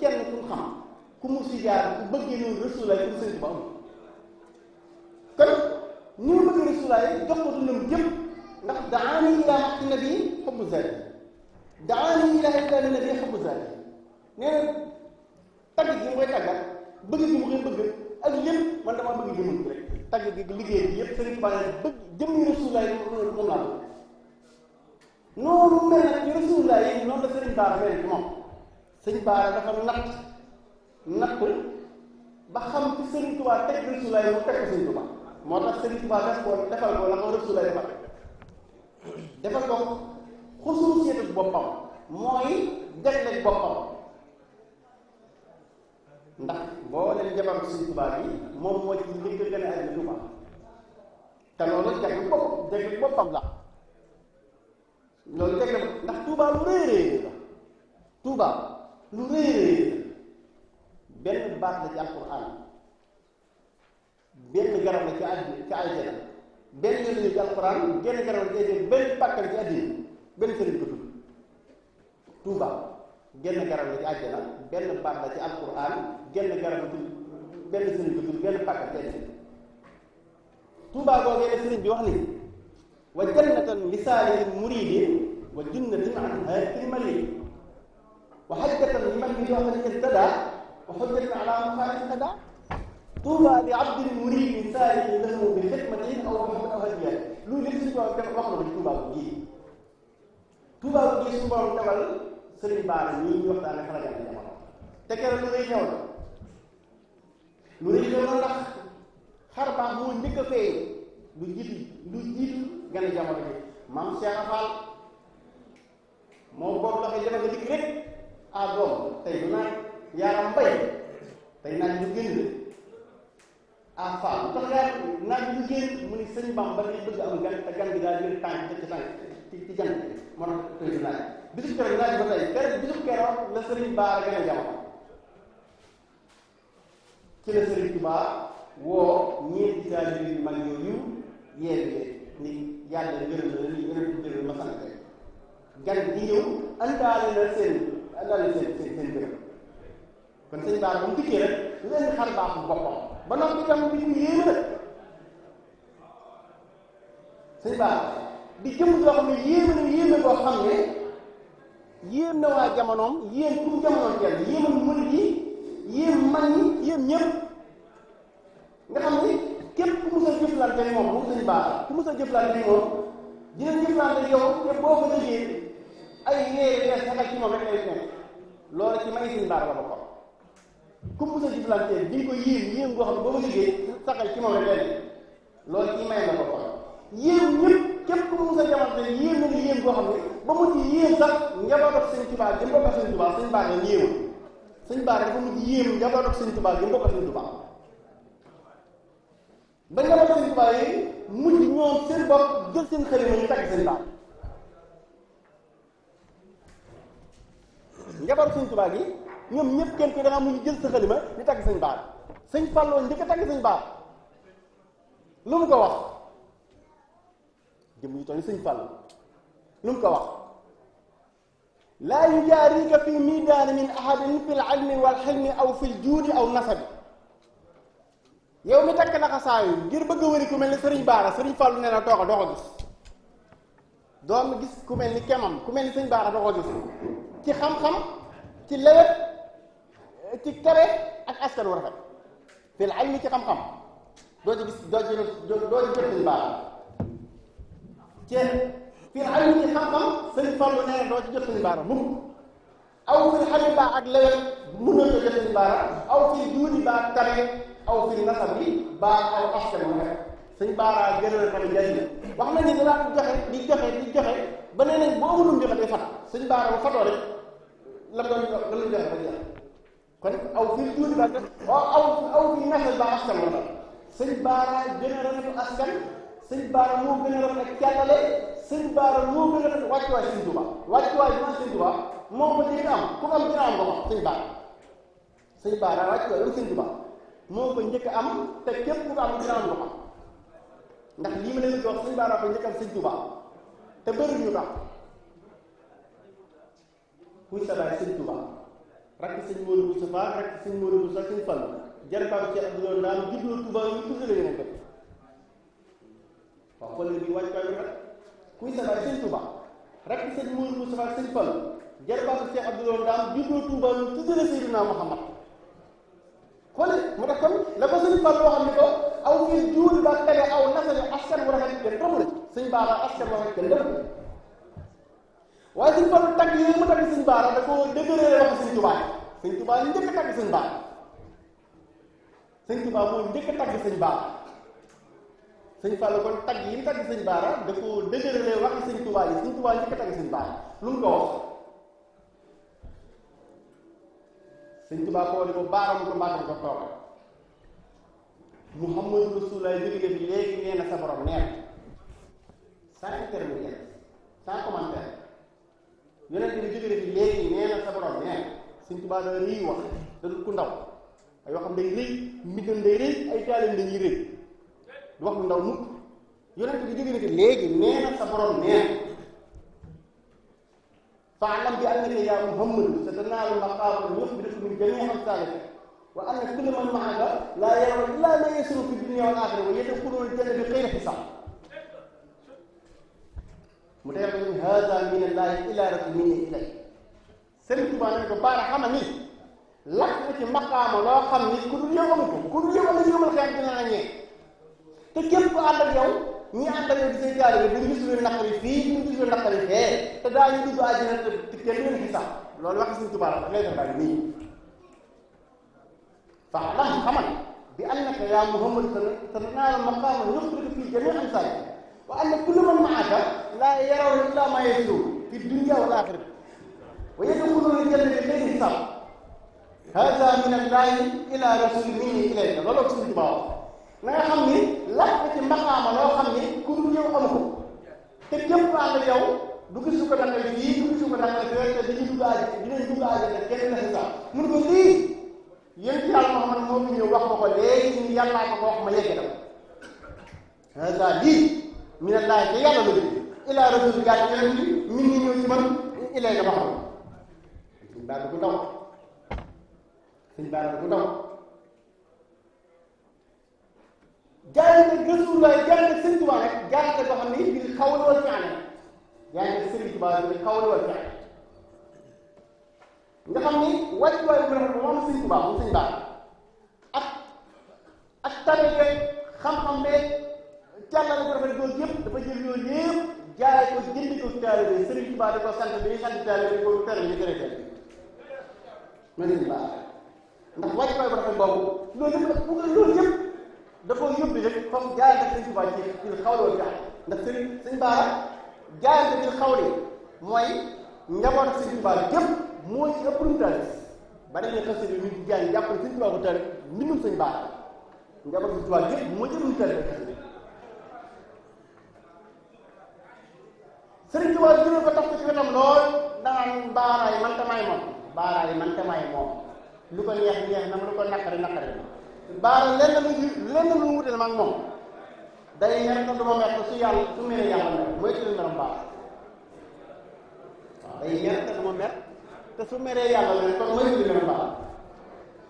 kenn ku xam ku mu si jaar ku bëggee noonu rasulaay ku sëñ ba amul kon ni mu bëgg rasulaay jox ko dundam jëm ndax daani ilaa xaqi nabi xubbu zaati daani ilaa xaqi nabi xubbu zaati nee na tagg gi mu koy tàggat bëgg gi mu koy bëgg ak lépp man damaa bëgg jëmam rek tagg gi liggéey bi yëpp sëriñ Tuubaa bëgg jëmmi rasulaay moom laa noonu mel nag ci rasulaay noonu la sëriñ Tuubaa mel ci moom sëñ baara dafa natt natt ba xam ci sëriñ Tuubaa teg Rasulaay mu teg ko sëriñ Tuubaa moo tax sëriñ Tuubaa def ko defal ko la ko Rasulaay defal defal ko xusuusiyatu boppam mooy jagleel boppam ndax boo leen jabar sëriñ Tuubaa bi moom moo ci njëkk gën a àddina Tuubaa te loolu jagleel bopp jagleel boppam la loolu jagleel ndax Tuubaa lu réeréer la Tuubaa lu réy benn baat la ci alquran benn garab la ci àddina ci àjjana benn yoon la ci alquran benn garab la ci àjjana benn pàkkal ci àddina benn sëriñ ko tudd tuuba genn garab la ci àjjana benn baat la ci alquran genn garab la tudd benn sëriñ ko tudd benn pàkkal ci àddina tuuba googee la sëriñ bi wax ni wa jannatan lisaali muridi wa jannatin an haakil mali وحجة لمن يريد أن اهتدى وحجة على من ما اهتدى طوبى لعبد مريد سائل له بخدمته أو بحب أو هدية lu lépp suñu borom def wax na ko ci Touba bu gii Touba bu gii suñu borom defal Serigne Bara ñii ñu waxtaane xalaat yàlla jamono te keroog lu rëy ñëw na lu rëy ñëw na ndax xar baax moo njëkk a fee lu jiitu lu jiitu gën a jamono ji maam Cheikh Fall moom boobu la koy defal nga dikk rek ah doom tey du naaj yaaram mbay tey naaj ñu génn ah faam tax yaa naaj ñu génn mu ni sëñ Bamba day bëgg am gan gan bi daal jël ci tànk ci ci jant moo tax tey du naaj bisub keroog naaj ba tey keroog bisub keroog la sëriñ Baara gën a jamono ci la sëriñ Tuubaa woo ñeenti yooyu yeer ni yàlla gërëm na li gën a tuddee ma sant gan gi ñëw andaale na seen andaale seen seen seen gërëm kon sëñ Bara bu mu dikkee rek leen xar baax bu boppam ba noppi itam bi ñu yéeme nag sëñ Bara di jëm joo xam ne yéeme na xam ne yéem na waa jamonoom yéem ku mu jamonoon jël yéemal murid yi yéem mag ñëpp nga xam ne képp ku mus a jëflante moom moom sëñ Bara ku mus a jëflante moom dina jëflante yow te boo ko déggee ay néer ne saxal ci moom rek lay nekk loolu ci may sin baar la bokkoon ku mu sa jëflantee di nga ko yéem yéem goo xam ne boo ko liggéey saxal ci moom rek lay nekk loolu ci may la bokkoon yéem ñëpp képp ku mu sa jamante yéem na nga xam ne ba mu ci yéem sax njabootam sëñ Tuubaa jëm bokk sëñ Tuubaa sëñ baar la yéewu sëñ baar dafa mujj yéem njabootam sëñ Tuubaa jëm bokk sëñ Tuubaa ba njabootam sëñ Tuubaa yi mujj ñoom seen bopp jël seen xëy na ñu tagg sëñ njabar suñ tubaa gi ñoom ñëpp kenn ku da ngaa mu jël sa xalima di tagg sëñ baar sëñ fàlloo njëkk a tagg sëñ lu mu ko wax jëm ñu toll sëñ fàllu ko wax laa yujaarika fi midaani min aw fi l juudi aw nasabi yow mi takk naxasaayu ngir bëgg wëri ku mel ni sëriñ baara sëriñ fàllu nee na tooga doo ko gis doom gis ku mel ni kemam ku mel ni sëñ baara doo ko gis ci xam-xam ci lewet ci kere ak askan wu rafet fil ilmi ci xam-xam doo ci gis doo ci doo ci jot ñu baax ci fil ilmi ci jot ñu baax mukk aw fil lewet mën na ko jot ñu baax aw fil juudi baax tamit aw fil nasab bi aw askan wu rafet suñ baaraa gënal ko ne njariñ la wax nañu danaa ko joxe di joxe di joxe ba nee nañ bu amulum joxe day fat suñ baara ba fatoo rek lam doon la luñ joxe ba jeex kon aw fii juuni ba aw aw fii nasal ba askan la suñ baaraa gën a rafetu askan suñ baara moo gën a rafet ak càllale suñ baara moo gën a rafet wàccuwaay suñ tuba wàccuwaay bi ma suñ tuba moom ba dina am ku am dina am ko wax suñ baara suñ baara wàccuwaay am suñ tuba moo ko njëkk am te képp ku am dina am ko xam ndax lii ma leen di wax suñu baaraam te bëri ñu tax kuy sa baay sëñ Tuubaa rakk sëñ Moodu Mustafaa rakk sëñ Moodu Mustafaa sëñ Fall jarbaam ci ak loolu daal juddoo Tuubaa yu tudd la yéen a waaw xoolal bi wàcc waay bi rek kuy sa baay sëñ Tuubaa rakk sëñ Moodu Mustafaa sëñ Fall jarbaam ci ak loolu daal juddoo Tuubaa aw ñuy juul ba tege aw nasari askan wu rafet kenn taxul suñ baara askan wu rafet kenn taxul waaye suñ fa tagg yooyu mu tagg suñ baara dafa dëgëree wax suñ tubaay suñ tubaay njëkk tagg suñ baara suñ tubaay mooy njëkk tagg suñ baara suñ fàllu kon tagg yi mu tagg suñ baara dafa dëgëree wax suñ tubaay yi suñ tubaay njëkk tagg suñ baara lu mu ko wax suñ tubaay ko ni ko baaram ko mbaatam ko toogal Muhammadu Rasulullah jóge fi léegi nee na sa borom nee na sans intermédiaire sans commentaire yonent bi jóge fi léegi sa borom nee na Sëñ Tuubaa wax da dul ku ndaw ay waxam day rëy mbindam day rëy ay jaaleen dañuy rëy du wax lu ndaw mukk yonent bi jóge fi léegi nee na sa borom nee na faalam bi annaka yaa Muhammad sa danaalu maqaama yuxbiruka min jamii amsaalik wa anna kulla man ma'aka laa yaraw illaa maa yasiru fi dunya wal aaxira wa yadxuluuna al-jannata bi xayri hisaab mu tey ko ñun haada min allaahi ilaa rasuulihi ilay Sëriñ Tuubaa ne ko baara xama ni lakk nga ci maqaama loo xam ni ku dul yow amu ko ku dul yow am na yóbal xeet dina la ñee te képp ku ànd ak yow ñi ànd ak yow di say gaal yi duñ gis lu naqari fii duñ gis lu naqari fee te daa ñu dugg àjjana te kenn leen xisaab loolu wax Sëriñ Tuubaa la lay def daal nii فاعلم خمل بانك يا محمد ستنال مقام يخرج في جميع انسانك وان كل من معك لا يرون الا ما يجدون في الدنيا والاخره ويدخلون الجنه بغير حساب هذا من الله الى رسوله اليك loolu suñu ci baaw na nga xam ni lakk ci maqaama loo xam ni ku dul yow amu ko te képp ku ànd yow du gis su ko dangal fii du gis su ko dangal fii te dañuy dugg àjjana dinañ dugg àjjana kenn na xisaab mun ko lii yéen yàlla Muhammad moo fi ñëw wax ma ko léegi ñu yàllaa ma ko wax ma yegg dama hada lii min allaahi te yàlla la ilaa rasul gaa ci yeneen min ñi ñëw ci man ilay dafa xam suñ baara bu ndaw suñ baara bu ndaw jaayante Rasulullah jaayante Sëriñ Tuubaa rek jaayante boo xam ne it bi xawal wal fi'l jaayante Sëriñ Tuubaa bi xawal wal fi'l nga xam ni wàccu waay bu rafet moom sëñ Tuubaa moom sëñ Tuubaa ak ak tànn xam-xam beeg càllale bu rafet boobu yëpp dafa jël yooyu yëpp jaare ko jënd ko taalibe sëriñ Tuubaa di ko sant bi sant taalibe bi ko taalibe bi gërëm ma leen baax ndax wàccu waay bu rafet boobu loolu yëpp loolu yëpp dafa yóbbu rek comme jaare ko sëriñ Tuubaa ci ci xaw loolu jaay ndax sëriñ sëñ Bara jaare ko ci xaw li mooy njaboot sëriñ Tuubaa yëpp mooy ëpp lu mu ba demee xasida yi nit gaa yi jàpp ne sëñ Tuubaa ko taalif mbindum mu taalif xasida yi sëriñ Tuubaa gën a ko tax ci wetam lool danaan baaraay man tamaay moom baaraay moom lu ko neex neex na ma lu ko naqari naqari ma baara lenn lu lenn lu wutale ma ak moom day ñaan ko du mett su yàlla su mel ne yàlla mooy ci lu meram baax waaw day ñaan ko du mett te su meree yàlla la kon ma yëg dina baax